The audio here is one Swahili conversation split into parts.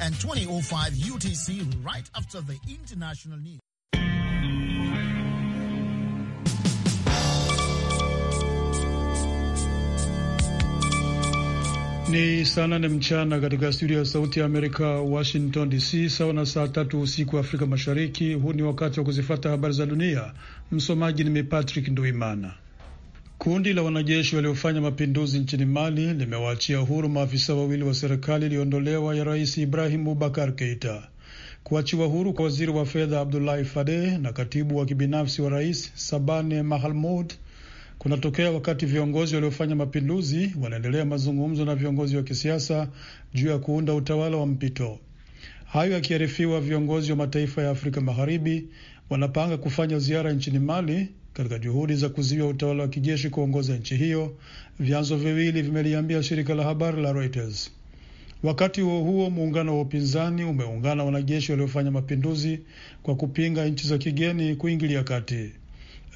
and 2005 UTC right after the international news. Ni saa nane mchana katika studio ya Sauti ya Amerika, Washington DC, sawa na saa tatu usiku wa Afrika Mashariki. Huu ni wakati wa kuzifata habari za dunia. Msomaji ni mimi Patrick Nduimana. Kundi la wanajeshi waliofanya mapinduzi nchini Mali limewaachia huru maafisa wawili wa serikali iliyoondolewa ya Rais Ibrahim Bubakar Keita. Kuachiwa huru kwa waziri wa fedha Abdulahi Fadeh na katibu wa kibinafsi wa rais Sabane Mahalmud kunatokea wakati viongozi waliofanya mapinduzi wanaendelea mazungumzo na viongozi wa kisiasa juu ya kuunda utawala wa mpito. Hayo yakiarifiwa, viongozi wa mataifa ya Afrika Magharibi wanapanga kufanya ziara nchini Mali katika juhudi za kuzuia utawala wa kijeshi kuongoza nchi hiyo, vyanzo viwili vimeliambia shirika la habari la Reuters. Wakati huo huo, muungano wa upinzani umeungana wanajeshi waliofanya mapinduzi kwa kupinga nchi za kigeni kuingilia kati.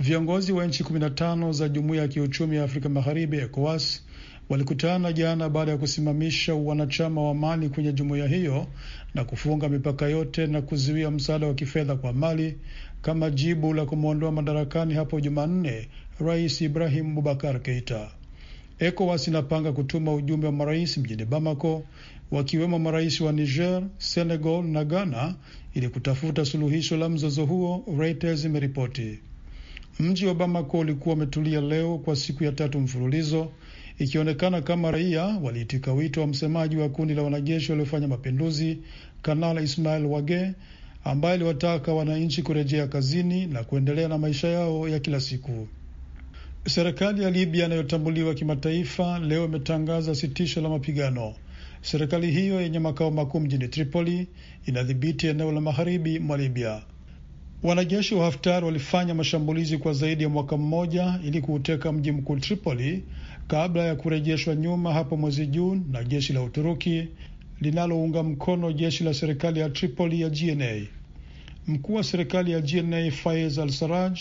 Viongozi wa nchi 15 za jumuiya ya kiuchumi ya Afrika Magharibi, ECOWAS, walikutana jana baada ya kusimamisha wanachama wa Mali kwenye jumuiya hiyo na kufunga mipaka yote na kuzuia msaada wa kifedha kwa Mali kama jibu la kumwondoa madarakani hapo Jumanne Rais Ibrahim Bubakar Keita. ECOWAS inapanga kutuma ujumbe wa marais mjini Bamako, wakiwemo marais wa Niger, Senegal na Ghana ili kutafuta suluhisho la mzozo huo, Reuters imeripoti. Mji wa Bamako ulikuwa umetulia leo kwa siku ya tatu mfululizo ikionekana kama raia waliitika wito wa msemaji wa kundi la wanajeshi waliofanya mapinduzi kanal Ismail Wage ambaye aliwataka wananchi kurejea kazini na kuendelea na maisha yao ya kila siku. Serikali ya Libya inayotambuliwa kimataifa leo imetangaza sitisho la mapigano. Serikali hiyo yenye makao makuu mjini Tripoli inadhibiti eneo la magharibi mwa Libya. Wanajeshi wa Haftar walifanya mashambulizi kwa zaidi ya mwaka mmoja ili kuuteka mji mkuu Tripoli kabla ya kurejeshwa nyuma hapo mwezi Juni na jeshi la Uturuki linalounga mkono jeshi la serikali ya Tripoli ya GNA. Mkuu wa serikali ya GNA Faiz al Saraj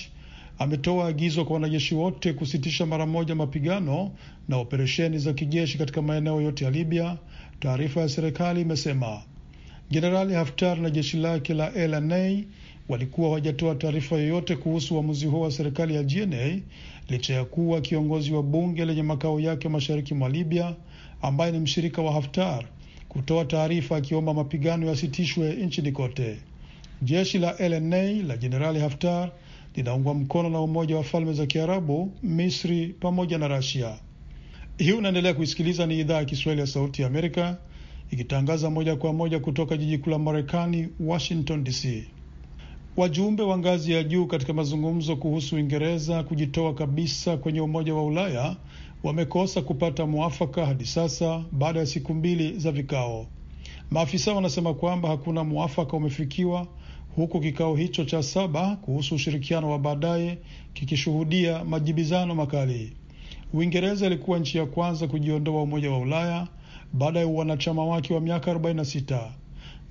ametoa agizo kwa wanajeshi wote kusitisha mara moja mapigano na operesheni za kijeshi katika maeneo yote ya Libya. Taarifa ya serikali imesema Jenerali Haftar na jeshi lake la LNA walikuwa hawajatoa taarifa yoyote kuhusu uamuzi huo wa serikali ya GNA licha ya kuwa kiongozi wa bunge lenye makao yake mashariki mwa Libya ambaye ni mshirika wa Haftar kutoa taarifa akiomba mapigano yasitishwe nchini kote. Jeshi la LNA la Jenerali Haftar linaungwa mkono na Umoja wa Falme za Kiarabu, Misri pamoja na Rasia. Hii unaendelea kuisikiliza, ni idhaa ya Kiswahili ya Sauti ya Amerika ikitangaza moja kwa moja kutoka jiji kuu la Marekani, Washington DC. Wajumbe wa ngazi ya juu katika mazungumzo kuhusu Uingereza kujitoa kabisa kwenye Umoja wa Ulaya wamekosa kupata mwafaka hadi sasa baada ya siku mbili za vikao. Maafisa wanasema kwamba hakuna mwafaka umefikiwa huku kikao hicho cha saba kuhusu ushirikiano wa baadaye kikishuhudia majibizano makali. Uingereza ilikuwa nchi ya kwanza kujiondoa umoja wa Ulaya baada ya uwanachama wake wa miaka 46.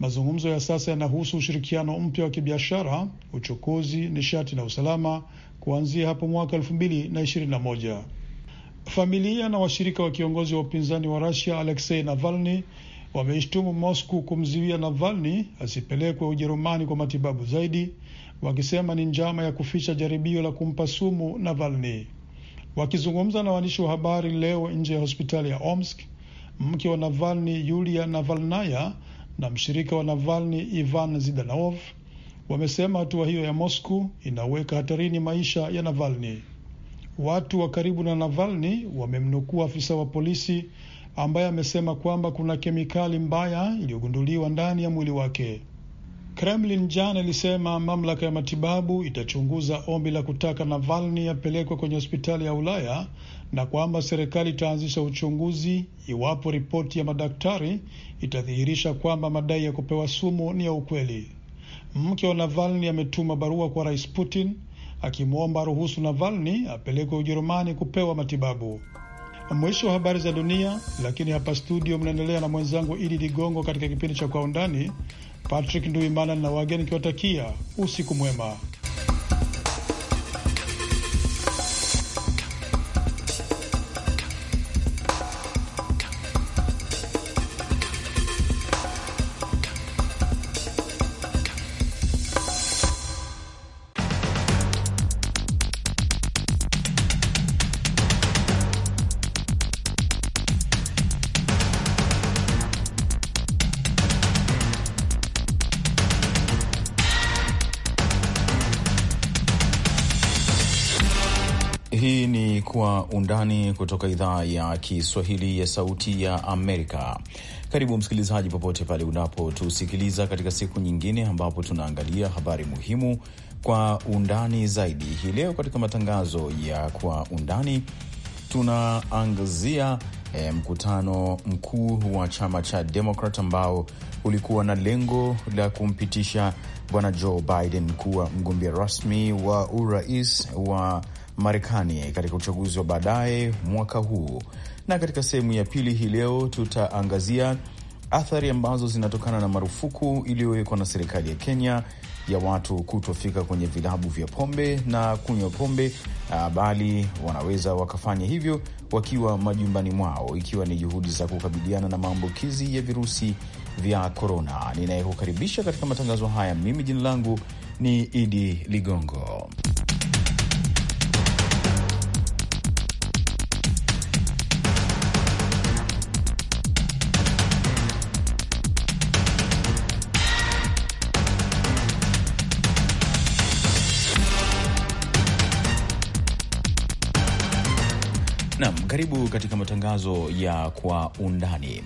Mazungumzo ya sasa yanahusu ushirikiano mpya wa kibiashara, uchukuzi, nishati na usalama kuanzia hapo mwaka elfu mbili na ishirini na moja. Familia na washirika wa kiongozi wa upinzani wa Rasia Aleksei Navalni wameishtumu Mosku kumziwia Navalni asipelekwe Ujerumani kwa matibabu zaidi, wakisema ni njama ya kuficha jaribio la kumpa sumu Navalni. Wakizungumza na waandishi wa habari leo nje ya hospitali ya Omsk, mke wa Navalni Yulia Navalnaya na mshirika wa Navalny Ivan Zidanov wamesema hatua hiyo ya Moscow inaweka hatarini maisha ya Navalny. Watu wa karibu na Navalny wamemnukuu afisa wa polisi ambaye amesema kwamba kuna kemikali mbaya iliyogunduliwa ndani ya mwili wake. Kremlin jana ilisema mamlaka ya matibabu itachunguza ombi la kutaka Navalny apelekwe kwenye hospitali ya Ulaya na kwamba serikali itaanzisha uchunguzi iwapo ripoti ya madaktari itadhihirisha kwamba madai ya kupewa sumu ni ya ukweli. Mke wa Navalni ametuma barua kwa Rais Putin akimwomba ruhusu Navalni apelekwe Ujerumani kupewa matibabu. Mwisho wa habari za dunia, lakini hapa studio mnaendelea na mwenzangu Idi Ligongo katika kipindi cha Kwa Undani. Patrick Nduimana na wageni kiwatakia usiku mwema. undani kutoka idhaa ya Kiswahili ya Sauti ya Amerika. Karibu msikilizaji, popote pale unapotusikiliza katika siku nyingine ambapo tunaangalia habari muhimu kwa undani zaidi. Hii leo katika matangazo ya Kwa Undani tunaangazia E, mkutano mkuu wa chama cha Demokrat ambao ulikuwa na lengo la kumpitisha bwana Joe Biden kuwa mgombea rasmi wa urais wa Marekani katika uchaguzi wa baadaye mwaka huu. Na katika sehemu ya pili hii leo tutaangazia athari ambazo zinatokana na marufuku iliyowekwa na serikali ya Kenya ya watu kutofika kwenye vilabu vya pombe na kunywa pombe, ah, bali wanaweza wakafanya hivyo wakiwa majumbani mwao, ikiwa ni juhudi za kukabiliana na maambukizi ya virusi vya korona. Ninayekukaribisha katika matangazo haya mimi, jina langu ni Idi Ligongo. Karibu katika matangazo ya kwa undani.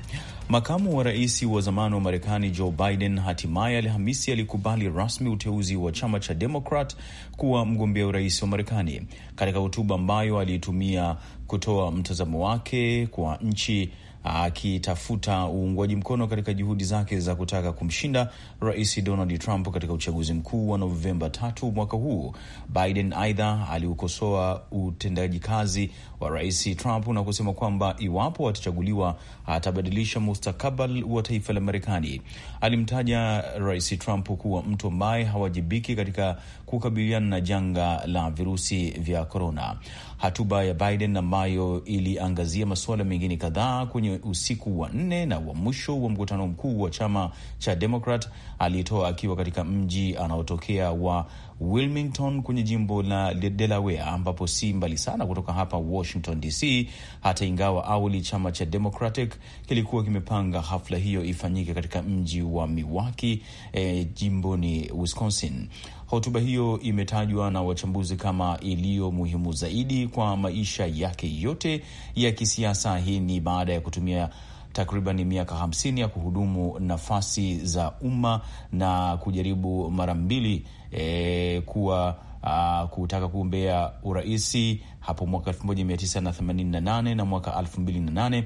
Makamu wa rais wa zamani wa Marekani Joe Biden hatimaye Alhamisi alikubali rasmi uteuzi wa chama cha Demokrat kuwa mgombea urais wa Marekani. Katika hotuba ambayo aliitumia kutoa mtazamo wake kwa nchi akitafuta uungwaji mkono katika juhudi zake za kutaka kumshinda Rais Donald Trump katika uchaguzi mkuu wa Novemba tatu mwaka huu. Biden aidha aliukosoa utendaji kazi wa Rais Trump na kusema kwamba iwapo atachaguliwa atabadilisha mustakabali wa taifa la Marekani. Alimtaja Rais Trump kuwa mtu ambaye hawajibiki katika kukabiliana na janga la virusi vya korona. hatuba ya Biden ambayo iliangazia masuala mengine kadhaa kwenye usiku wa nne na wa mwisho wa mkutano mkuu wa chama cha Demokrat aliyetoa akiwa katika mji anaotokea wa Wilmington kwenye jimbo la Delaware, ambapo si mbali sana kutoka hapa Washington DC, hata ingawa awali chama cha Democratic kilikuwa kimepanga hafla hiyo ifanyike katika mji wa Milwaukee, eh, jimboni Wisconsin. Hotuba hiyo imetajwa na wachambuzi kama iliyo muhimu zaidi kwa maisha yake yote ya kisiasa. Hii ni baada ya kutumia takriban miaka 50 ya kuhudumu nafasi za umma na kujaribu mara mbili e, kuwa Uh, kutaka kugombea uraisi hapo mwaka 1988 na mwaka 2008,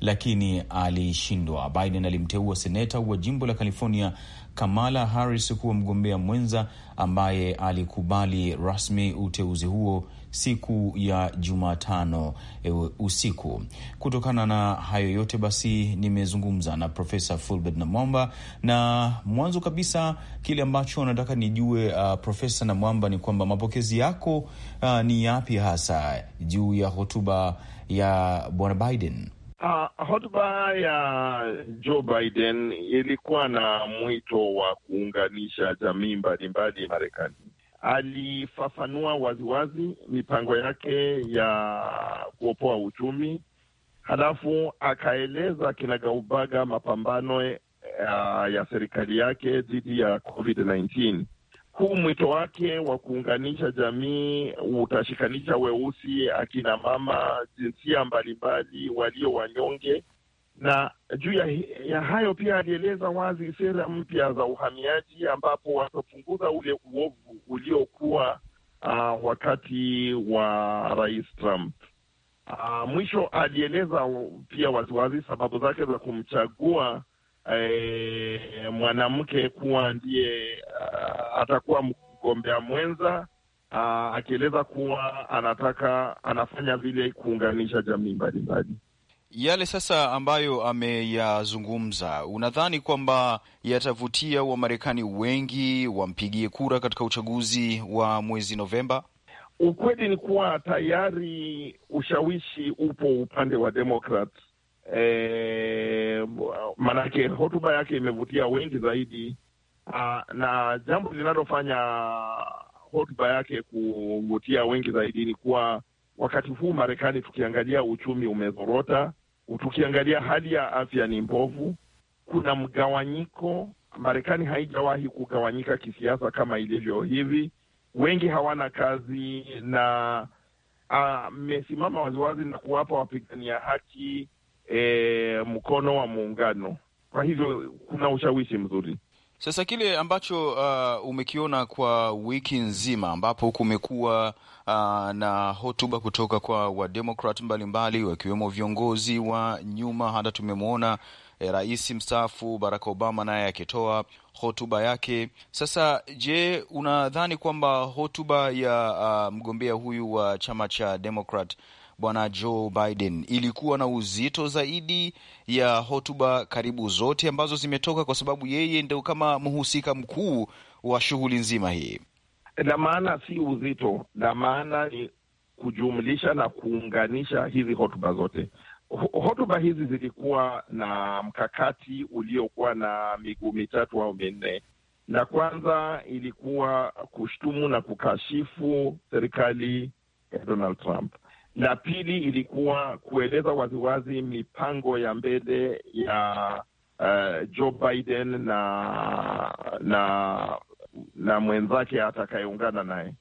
lakini alishindwa. Biden alimteua seneta wa jimbo la California Kamala Harris kuwa mgombea mwenza ambaye alikubali rasmi uteuzi huo siku ya Jumatano e, usiku. Kutokana na hayo yote basi, nimezungumza na Profesa Fulbert Namwamba na mwanzo kabisa kile ambacho nataka nijue, uh, Profesa Namwamba, ni kwamba mapokezi yako uh, ni yapi hasa juu ya hotuba ya Bwana Biden? Uh, hotuba ya Joe Biden ilikuwa na mwito wa kuunganisha jamii mbalimbali Marekani. Alifafanua waziwazi mipango yake ya kuopoa uchumi, halafu akaeleza kinagaubaga mapambano ya, eh, ya serikali yake dhidi ya COVID-19 huu mwito wake wa kuunganisha jamii utashikanisha weusi, akina mama, jinsia mbalimbali, walio wanyonge. Na juu ya, ya hayo pia alieleza wazi sera mpya za uhamiaji, ambapo watapunguza ule uovu uliokuwa uh, wakati wa Rais Trump. Uh, mwisho alieleza pia waziwazi sababu zake za kumchagua e, mwanamke kuwa ndiye uh, atakuwa mgombea mwenza uh, akieleza kuwa anataka anafanya vile kuunganisha jamii mbalimbali yale sasa ambayo ameyazungumza, unadhani kwamba yatavutia Wamarekani wengi wampigie kura katika uchaguzi wa mwezi Novemba? Ukweli ni kuwa tayari ushawishi upo upande wa Demokrat e, eh, maanake hotuba yake imevutia wengi zaidi Uh, na jambo linalofanya hotuba yake kuvutia wengi zaidi ni kuwa wakati huu Marekani, tukiangalia uchumi umezorota, tukiangalia hali ya afya ni mbovu, kuna mgawanyiko. Marekani haijawahi kugawanyika kisiasa kama ilivyo hivi, wengi hawana kazi, na amesimama ah, waziwazi na kuwapa wapigania haki e, mkono wa muungano. Kwa hivyo kuna ushawishi mzuri. Sasa kile ambacho uh, umekiona kwa wiki nzima ambapo kumekuwa uh, na hotuba kutoka kwa wademokrat mbalimbali wakiwemo viongozi wa nyuma, hata tumemwona eh, rais mstaafu Barack Obama naye akitoa hotuba yake. Sasa je, unadhani kwamba hotuba ya uh, mgombea huyu wa chama cha Demokrat bwana Joe Biden ilikuwa na uzito zaidi ya hotuba karibu zote ambazo zimetoka, kwa sababu yeye ndio kama mhusika mkuu wa shughuli nzima hii. La maana si uzito, la maana ni kujumlisha na kuunganisha hizi hotuba zote. Hotuba hizi zilikuwa na mkakati uliokuwa na miguu mitatu au minne. La kwanza ilikuwa kushtumu na kukashifu serikali ya Donald Trump. La pili ilikuwa kueleza waziwazi mipango ya mbele ya uh, Joe Biden na na na mwenzake atakayeungana naye.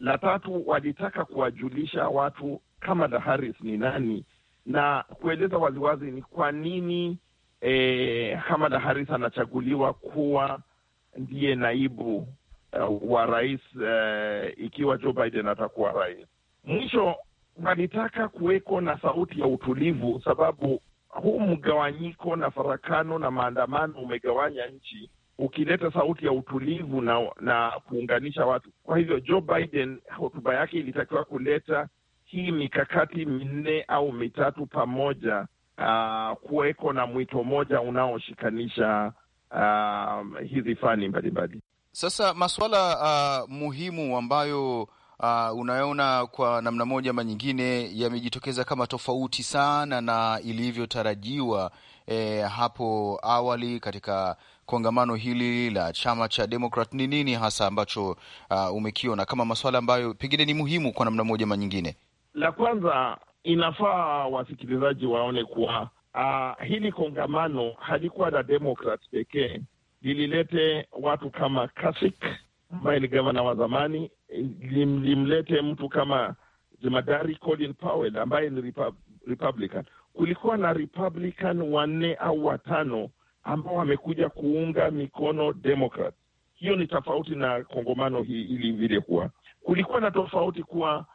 La tatu walitaka kuwajulisha watu Kamala Harris ni nani na kueleza waziwazi ni kwa nini eh, Kamala Harris anachaguliwa kuwa ndiye naibu uh, wa rais uh, ikiwa Joe Biden atakuwa rais. Mwisho walitaka kuweko na sauti ya utulivu, sababu huu mgawanyiko na farakano na maandamano umegawanya nchi ukileta sauti ya utulivu na, na kuunganisha watu. Kwa hivyo Joe Biden hotuba yake ilitakiwa kuleta hii mikakati minne au mitatu pamoja, uh, kuweko na mwito mmoja unaoshikanisha uh, hizi fani mbalimbali. Sasa masuala uh, ah, muhimu ambayo uh, unaona kwa namna moja ama nyingine yamejitokeza kama tofauti sana na ilivyotarajiwa eh, hapo awali katika kongamano hili la chama cha demokrat Ni nini hasa ambacho uh, umekiona kama masuala ambayo pengine ni muhimu kwa namna moja ama nyingine? La kwanza, inafaa wasikilizaji waone kuwa uh, hili kongamano halikuwa la demokrat pekee, lililete watu kama Kasich ambaye ni gavana wa zamani lim, limlete mtu kama jemadari Colin Powell ambaye ni Repub Republican. Kulikuwa na Republican wanne au watano ambao wamekuja kuunga mikono Democrat. Hiyo ni tofauti na kongomano hii ili vile kuwa kulikuwa na tofauti kuwa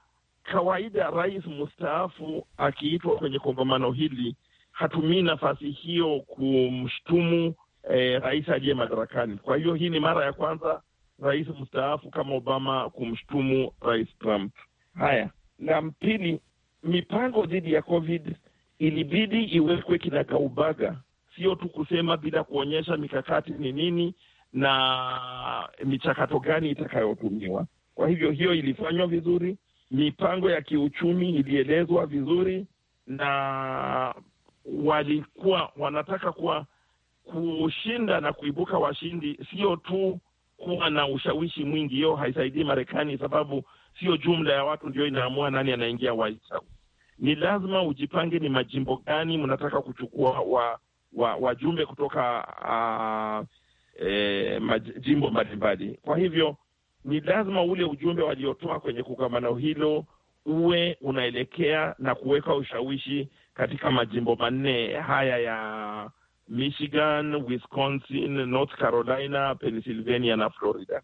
kawaida rais mstaafu akiitwa kwenye kongamano hili hatumii nafasi hiyo kumshtumu eh, rais aliye madarakani. Kwa hiyo hii ni mara ya kwanza rais mstaafu kama Obama kumshutumu rais Trump. Haya, la mpili mipango dhidi ya COVID ilibidi iwekwe kinagaubaga, sio tu kusema bila kuonyesha mikakati ni nini na michakato gani itakayotumiwa. Kwa hivyo hiyo ilifanywa vizuri, mipango ya kiuchumi ilielezwa vizuri, na walikuwa wanataka kuwa kushinda na kuibuka washindi sio tu kuwa na ushawishi mwingi, hiyo haisaidii Marekani sababu sio jumla ya watu ndio inaamua nani anaingia White House. Ni lazima ujipange, ni majimbo gani mnataka kuchukua wa wajumbe wa kutoka uh, e, majimbo mbalimbali. Kwa hivyo ni lazima ule ujumbe waliotoa kwenye kongamano hilo uwe unaelekea na kuweka ushawishi katika majimbo manne haya ya Michigan, Wisconsin, North Carolina, Pennsylvania na Florida.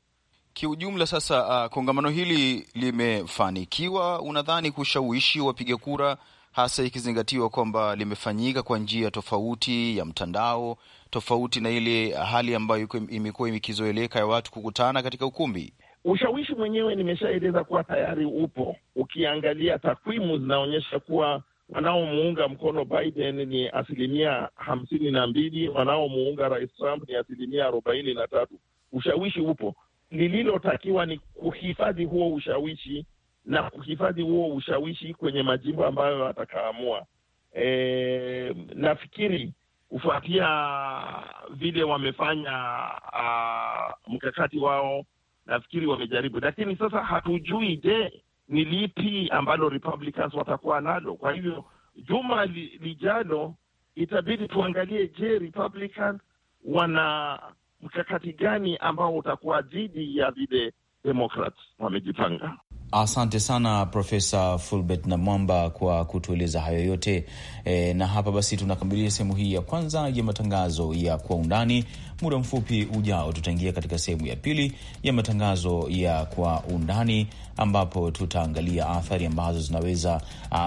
Kiujumla sasa, uh, kongamano hili limefanikiwa unadhani kushawishi wapiga kura, hasa ikizingatiwa kwamba limefanyika kwa njia tofauti ya mtandao, tofauti na ile hali ambayo imekuwa ikizoeleka ya watu kukutana katika ukumbi? Ushawishi mwenyewe nimeshaeleza kuwa tayari upo. Ukiangalia takwimu zinaonyesha kuwa wanaomuunga mkono Biden ni asilimia hamsini na mbili, wanaomuunga rais Trump ni asilimia arobaini na tatu. Ushawishi upo, lililotakiwa ni kuhifadhi huo ushawishi na kuhifadhi huo ushawishi kwenye majimbo ambayo atakaamua. E, nafikiri kufuatia vile wamefanya mkakati wao, nafikiri wamejaribu, lakini sasa hatujui, je ni lipi ambalo Republicans watakuwa nalo. Kwa hivyo juma li, lijalo itabidi tuangalie, je, Republican wana mkakati gani ambao utakuwa dhidi ya vile Democrats wamejipanga. Asante sana Profesa Fulbert na Mwamba kwa kutueleza hayo yote e. Na hapa basi tunakamilisha sehemu hii ya kwanza ya matangazo ya kwa undani. Muda mfupi ujao, tutaingia katika sehemu ya pili ya matangazo ya kwa undani, ambapo tutaangalia athari ambazo zinaweza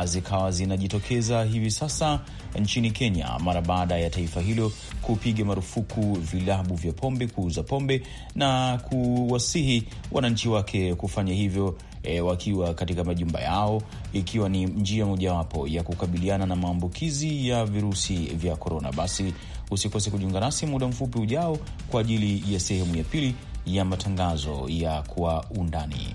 zikawa zinajitokeza hivi sasa nchini Kenya mara baada ya taifa hilo kupiga marufuku vilabu vya pombe kuuza pombe na kuwasihi wananchi wake kufanya hivyo e, wakiwa katika majumba yao, ikiwa ni njia mojawapo ya kukabiliana na maambukizi ya virusi vya korona. Basi usikose kujiunga nasi muda mfupi ujao kwa ajili ya sehemu ya pili ya matangazo ya kwa undani.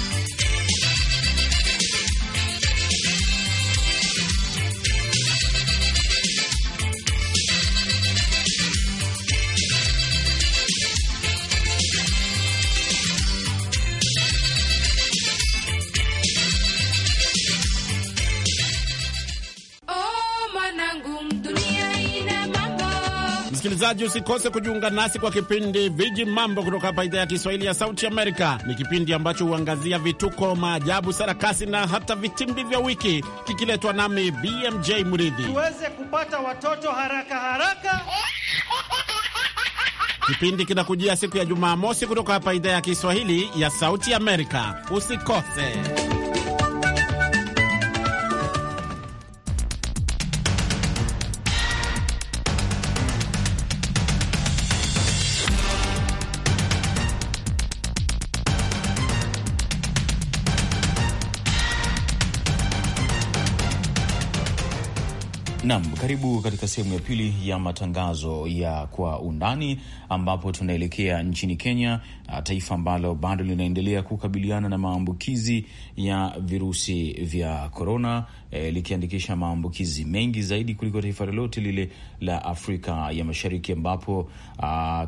msikilizaji, usikose kujiunga nasi kwa kipindi Viji Mambo kutoka hapa idhaa ya Kiswahili ya Sauti Amerika. Ni kipindi ambacho huangazia vituko, maajabu, sarakasi na hata vitimbi vya wiki, kikiletwa nami BMJ Mridhi tuweze kupata watoto haraka haraka. Kipindi kinakujia siku ya Jumamosi kutoka hapa idhaa ya Kiswahili ya Sauti Amerika. Usikose. Nam, karibu katika sehemu ya pili ya matangazo ya kwa undani, ambapo tunaelekea nchini Kenya, taifa ambalo bado linaendelea kukabiliana na maambukizi ya virusi vya korona, e, likiandikisha maambukizi mengi zaidi kuliko taifa lolote lile la Afrika ya Mashariki, ambapo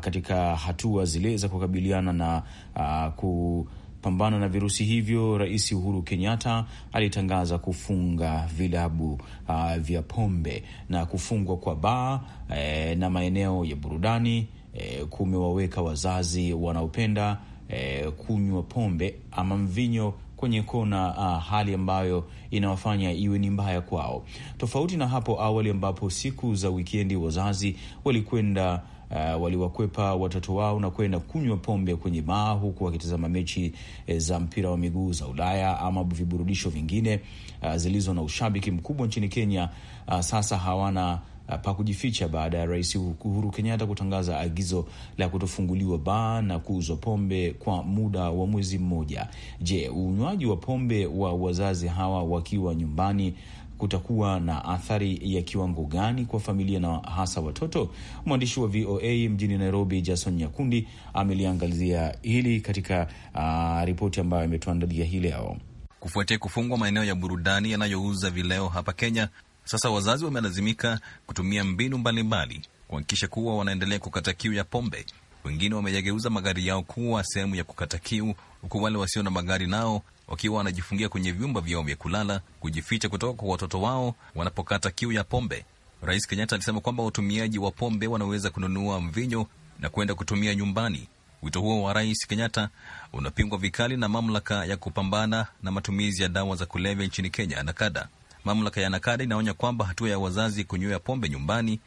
katika hatua zile za kukabiliana na a, ku kupambana na virusi hivyo, Rais Uhuru Kenyatta alitangaza kufunga vilabu uh, vya pombe na kufungwa kwa baa eh, na maeneo ya burudani eh, kumewaweka wazazi wanaopenda eh, kunywa pombe ama mvinyo kwenye kona uh, hali ambayo inawafanya iwe ni mbaya kwao, tofauti na hapo awali ambapo siku za wikendi wazazi walikwenda uh, waliwakwepa watoto wao na kwenda kunywa pombe kwenye baa huku wakitazama mechi e, za mpira wa miguu za Ulaya ama viburudisho vingine uh, zilizo na ushabiki mkubwa nchini Kenya. Uh, sasa hawana Uh, pa kujificha baada ya Rais Uhuru Kenyatta kutangaza agizo la kutofunguliwa baa na kuuzwa pombe kwa muda wa mwezi mmoja. Je, unywaji wa pombe wa wazazi hawa wakiwa nyumbani kutakuwa na athari ya kiwango gani kwa familia na hasa watoto? Mwandishi wa VOA mjini Nairobi, Jason Nyakundi ameliangazia hili katika uh, ripoti ambayo ametuandalia hii leo. Kufuatia kufungwa maeneo ya burudani yanayouza vileo hapa Kenya, sasa wazazi wamelazimika kutumia mbinu mbalimbali kuhakikisha kuwa wanaendelea kukata kiu ya pombe. Wengine wameyageuza magari yao kuwa sehemu ya kukata kiu, huku wale wasio na magari nao wakiwa wanajifungia kwenye vyumba vyao vya kulala kujificha kutoka kwa watoto wao wanapokata kiu ya pombe. Rais Kenyatta alisema kwamba watumiaji wa pombe wanaweza kununua mvinyo na kwenda kutumia nyumbani. Wito huo wa Rais Kenyatta unapingwa vikali na mamlaka ya kupambana na matumizi ya dawa za kulevya nchini Kenya, NAKADA. Mamlaka ya NAKADA inaonya kwamba hatua ya wazazi kunywea pombe nyumbani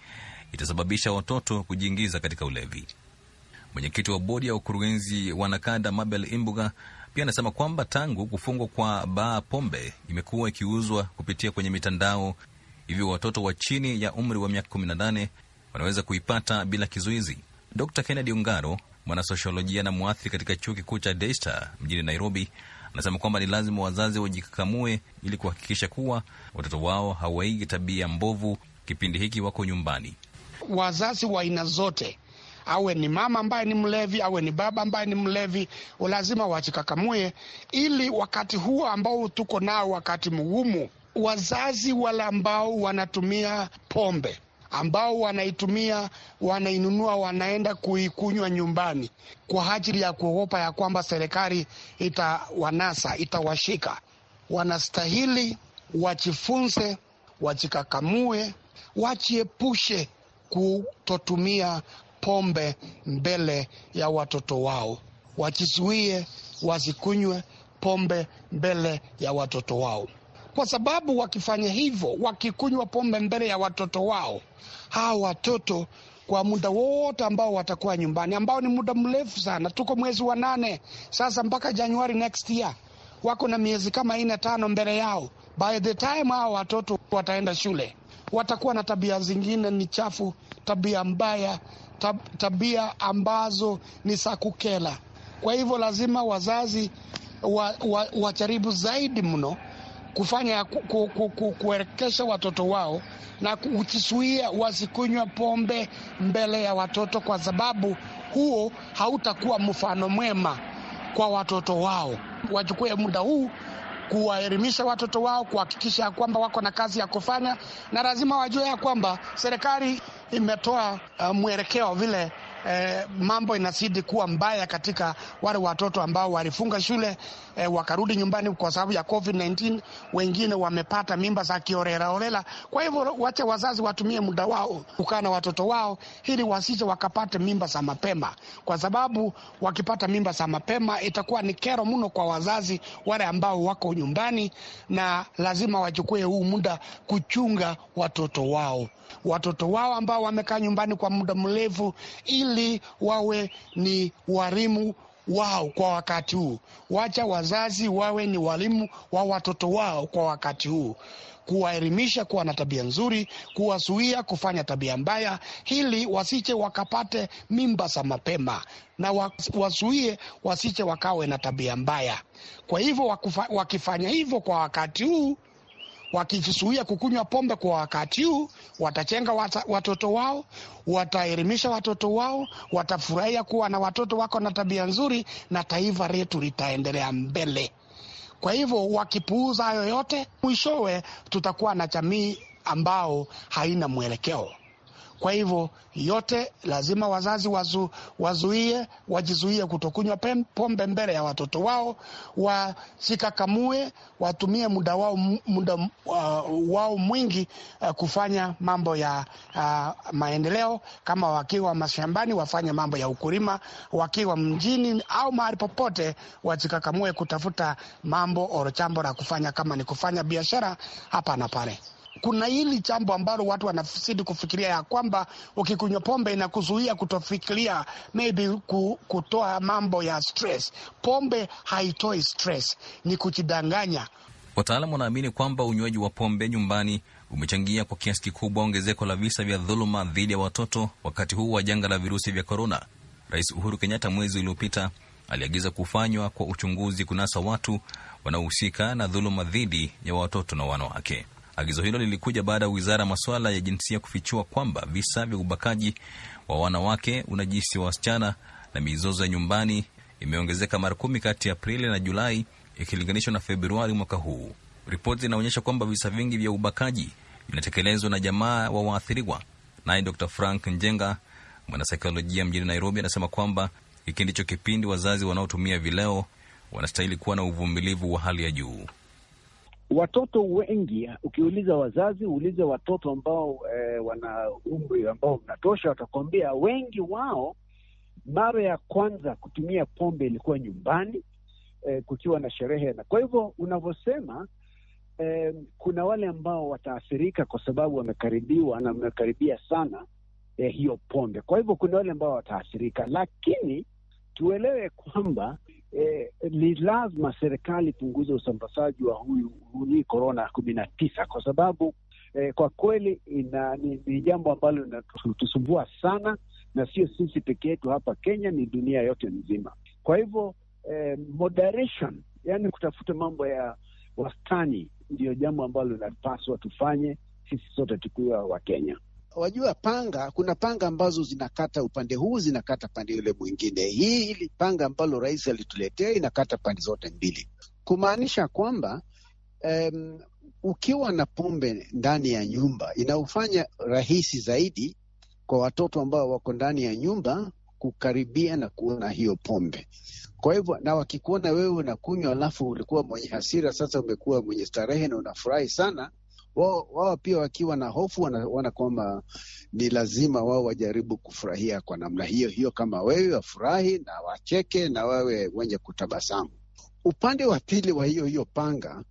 itasababisha watoto kujiingiza katika ulevi. Mwenyekiti wa bodi ya ukurugenzi wa NAKADA Mabel Imbuga pia anasema kwamba tangu kufungwa kwa baa, pombe imekuwa ikiuzwa kupitia kwenye mitandao, hivyo watoto wa chini ya umri wa miaka 18 wanaweza kuipata bila kizuizi. Dr Kennedy Ungaro, mwanasosiolojia na mwathiri katika chuo kikuu cha Daystar mjini Nairobi, anasema kwamba ni lazima wazazi wajikakamue ili kuhakikisha kuwa watoto wao hawaigi tabia mbovu kipindi hiki wako nyumbani. Wazazi wa aina zote awe ni mama ambaye ni mlevi, awe ni baba ambaye ni mlevi, lazima wajikakamue, ili wakati huo ambao tuko nao, wakati mgumu, wazazi wale ambao wanatumia pombe ambao wanaitumia wanainunua, wanaenda kuikunywa nyumbani kwa ajili ya kuogopa ya kwamba serikali itawanasa, itawashika. Wanastahili wajifunze, wajikakamue, wajiepushe kutotumia pombe mbele ya watoto wao, wajizuie wasikunywe pombe mbele ya watoto wao, kwa sababu wakifanya hivyo, wakikunywa pombe mbele ya watoto wao, hawa watoto kwa muda wote ambao watakuwa nyumbani, ambao ni muda mrefu sana, tuko mwezi wa nane sasa mpaka Januari next year, wako na miezi kama ine tano mbele yao. By the time hawa watoto wataenda shule, watakuwa na tabia zingine ni chafu, tabia mbaya tabia ambazo ni za kukela. Kwa hivyo lazima wazazi wajaribu wa, wa zaidi mno kufanya ku, ku, ku, kuelekesha watoto wao na kujizuia wasikunywa pombe mbele ya watoto, kwa sababu huo hautakuwa mfano mwema kwa watoto wao. Wachukue muda huu kuwaelimisha watoto wao, kuhakikisha ya kwamba wako na kazi ya kufanya, na lazima wajue ya kwamba serikali imetoa uh, mwelekeo vile E, mambo inazidi kuwa mbaya katika wale watoto ambao walifunga shule e, wakarudi nyumbani kwa sababu ya COVID-19. Wengine wamepata mimba za kiorelaorela. Kwa hivyo wache wazazi watumie muda wao kukaa na watoto wao ili wasije wakapate mimba za mapema, kwa sababu wakipata mimba za mapema itakuwa ni kero mno kwa wazazi wale ambao wako nyumbani, na lazima wachukue huu muda kuchunga watoto wao watoto wao ambao wamekaa nyumbani kwa muda mrefu, ili wawe ni walimu wao kwa wakati huu. Wacha wazazi wawe ni walimu wa watoto wao kwa wakati huu, kuwaelimisha kuwa na tabia nzuri, kuwazuia kufanya tabia mbaya, ili wasiche wakapate mimba za mapema na wazuie wasiche wakawe na tabia mbaya. Kwa hivyo wakifanya hivyo kwa wakati huu Wakijizuia kukunywa pombe kwa wakati huu, watachenga wata, watoto wao, wataelimisha watoto wao, watafurahia kuwa na watoto wako na tabia nzuri, na taifa letu litaendelea mbele. Kwa hivyo wakipuuza hayo yote, mwishowe tutakuwa na jamii ambao haina mwelekeo. Kwa hivyo yote lazima wazazi wazu, wazuie wajizuie kutokunywa pombe mbele ya watoto wao, wasikakamue, watumie muda wao, muda, uh, wao mwingi uh, kufanya mambo ya uh, maendeleo. Kama wakiwa mashambani wafanye mambo ya ukulima, wakiwa mjini au mahali popote wasikakamue kutafuta mambo orochambo la kufanya, kama ni kufanya biashara hapa na pale kuna hili jambo ambalo watu wanazidi kufikiria ya kwamba ukikunywa pombe inakuzuia kutofikiria maybe kutoa mambo ya stress. Pombe haitoi stress, ni kujidanganya. Wataalamu wanaamini kwamba unywaji wa pombe nyumbani umechangia kwa kiasi kikubwa ongezeko la visa vya dhuluma dhidi ya watoto wakati huu wa janga la virusi vya korona. Rais Uhuru Kenyatta mwezi uliopita aliagiza kufanywa kwa uchunguzi kunasa watu wanaohusika na dhuluma dhidi ya watoto na wanawake. Agizo hilo lilikuja baada ya wizara ya masuala ya jinsia kufichua kwamba visa vya ubakaji wa wanawake, unajisi wa wasichana na mizozo ya nyumbani imeongezeka mara kumi kati ya Aprili na Julai ikilinganishwa na Februari mwaka huu. Ripoti zinaonyesha kwamba visa vingi vya ubakaji vinatekelezwa na jamaa wa waathiriwa. Naye Dr Frank Njenga, mwanasaikolojia mjini Nairobi, anasema kwamba hiki ndicho kipindi wazazi wanaotumia vileo wanastahili kuwa na uvumilivu wa hali ya juu. Watoto wengi ukiuliza wazazi, uulize watoto ambao eh, wana umri ambao unatosha, watakuambia wengi wao mara ya kwanza kutumia pombe ilikuwa nyumbani, eh, kukiwa na sherehe, na kwa hivyo unavyosema Eh, kuna wale ambao wataathirika kwa sababu wamekaribiwa na wamekaribia sana eh, hiyo pombe. Kwa hivyo kuna wale ambao wataathirika, lakini tuelewe kwamba eh, ni lazima serikali ipunguze usambazaji wa huyu hii korona kumi na tisa kwa sababu eh, kwa kweli ina, ni, ni jambo ambalo linatusumbua sana, na sio sisi peke yetu hapa Kenya, ni dunia yote nzima. Kwa hivyo eh, moderation, yani kutafuta mambo ya wastani, ndiyo jambo ambalo linapaswa tufanye sisi sote tukiwa Wakenya wajua panga, kuna panga ambazo zinakata upande huu zinakata pande yule mwingine. Hii ili panga ambalo rais alituletea inakata pande zote mbili, kumaanisha kwamba um, ukiwa na pombe ndani ya nyumba inaufanya rahisi zaidi kwa watoto ambao wako ndani ya nyumba kukaribia na kuona hiyo pombe. Kwa hivyo, na wakikuona wewe unakunywa, alafu ulikuwa mwenye hasira, sasa umekuwa mwenye starehe na unafurahi sana, wao, wao pia wakiwa na hofu wanaona kwamba ni lazima wao wajaribu kufurahia kwa namna hiyo hiyo kama wewe, wafurahi na wacheke na wawe wenye kutabasamu. Upande wa pili wa hiyo hiyo panga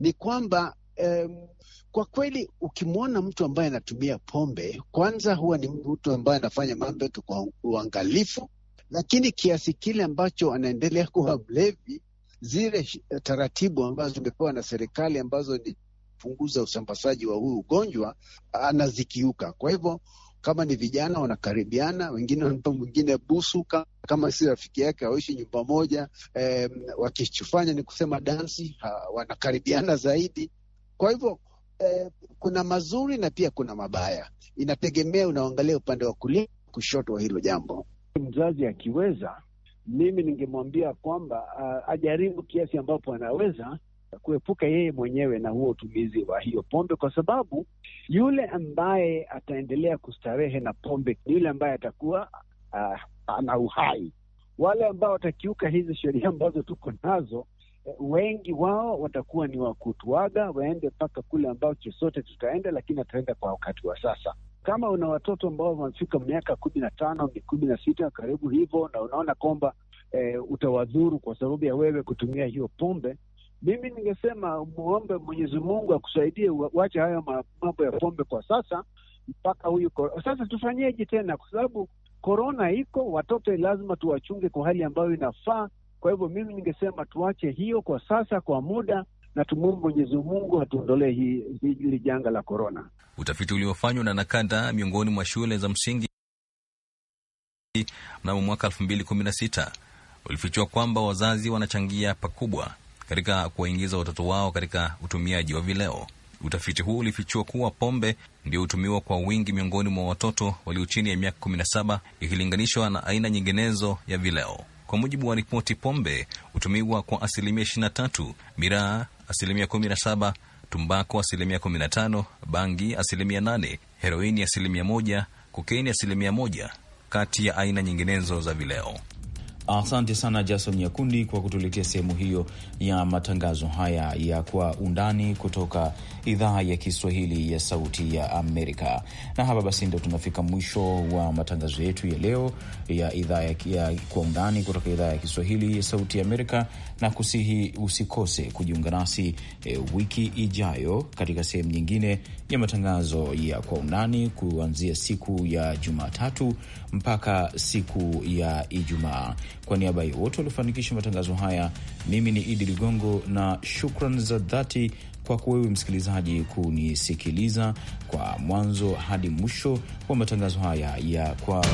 ni kwamba um, kwa kweli ukimwona mtu ambaye anatumia pombe, kwanza huwa ni mtu ambaye anafanya mambo yake kwa uangalifu, lakini kiasi kile ambacho anaendelea kuwa mlevi, zile taratibu ambazo zimepewa na serikali ambazo ni kupunguza usambazaji wa huu ugonjwa anazikiuka. Kwa hivyo kama ni vijana wanakaribiana, wengine wanampa mwingine busu kama si rafiki yake, awaishi nyumba moja e, wakichofanya ni kusema dansi, wanakaribiana zaidi. Kwa hivyo e, kuna mazuri na pia kuna mabaya, inategemea unaangalia upande wa kulia kushoto wa hilo jambo. Mzazi akiweza, mimi ningemwambia kwamba uh, ajaribu kiasi ambapo anaweza kuepuka yeye mwenyewe na huo utumizi wa hiyo pombe, kwa sababu yule ambaye ataendelea kustarehe na pombe ni yule ambaye atakuwa uh, ana uhai. Wale ambao watakiuka hizi sheria ambazo tuko nazo eh, wengi wao watakuwa ni wakutuaga waende mpaka kule ambao sote tutaenda, lakini ataenda kwa wakati wa sasa. Kama una watoto ambao wamefika miaka kumi na tano ni kumi na sita karibu hivyo, na unaona kwamba eh, utawadhuru kwa sababu ya wewe kutumia hiyo pombe, mimi ningesema muombe Mwenyezi Mungu akusaidie, uache hayo mambo ya pombe kwa sasa mpaka huyu sasa. Tufanyeje tena? Kwa sababu korona iko, watoto lazima tuwachunge kwa hali ambayo inafaa. Kwa hivyo mimi ningesema tuache hiyo kwa sasa, kwa muda na tumwombe Mwenyezi Mungu atuondolee hili janga la korona. Utafiti uliofanywa na Nakada miongoni mwa shule za msingi mnamo mwaka elfu mbili kumi na sita ulifichua kwamba wazazi wanachangia pakubwa katika kuwaingiza watoto wao katika utumiaji wa vileo. Utafiti huu ulifichua kuwa pombe ndio hutumiwa kwa wingi miongoni mwa watoto walio chini ya miaka 17 ikilinganishwa na aina nyinginezo ya vileo. Kwa mujibu wa ripoti, pombe hutumiwa kwa asilimia 23, miraa asilimia 17, tumbako asilimia 15, bangi asilimia 8, heroini asilimia 1, kokeini asilimia 1, kati ya aina nyinginezo za vileo. Asante sana Jason Nyakundi kwa kutuletea sehemu hiyo ya matangazo haya ya Kwa Undani kutoka idhaa ya Kiswahili ya Sauti ya Amerika. Na hapa basi ndo tunafika mwisho wa matangazo yetu ya leo ya idhaa ya Kwa Undani kutoka idhaa ya Kiswahili ya Sauti ya Amerika, na kusihi usikose kujiunga nasi e, wiki ijayo katika sehemu nyingine ya matangazo ya Kwa Undani kuanzia siku ya Jumatatu mpaka siku ya Ijumaa. Kwa niaba ya wote waliofanikisha matangazo haya, mimi ni Idi Ligongo na shukran za dhati kwako wewe msikilizaji kunisikiliza kwa mwanzo hadi mwisho wa matangazo haya ya kwa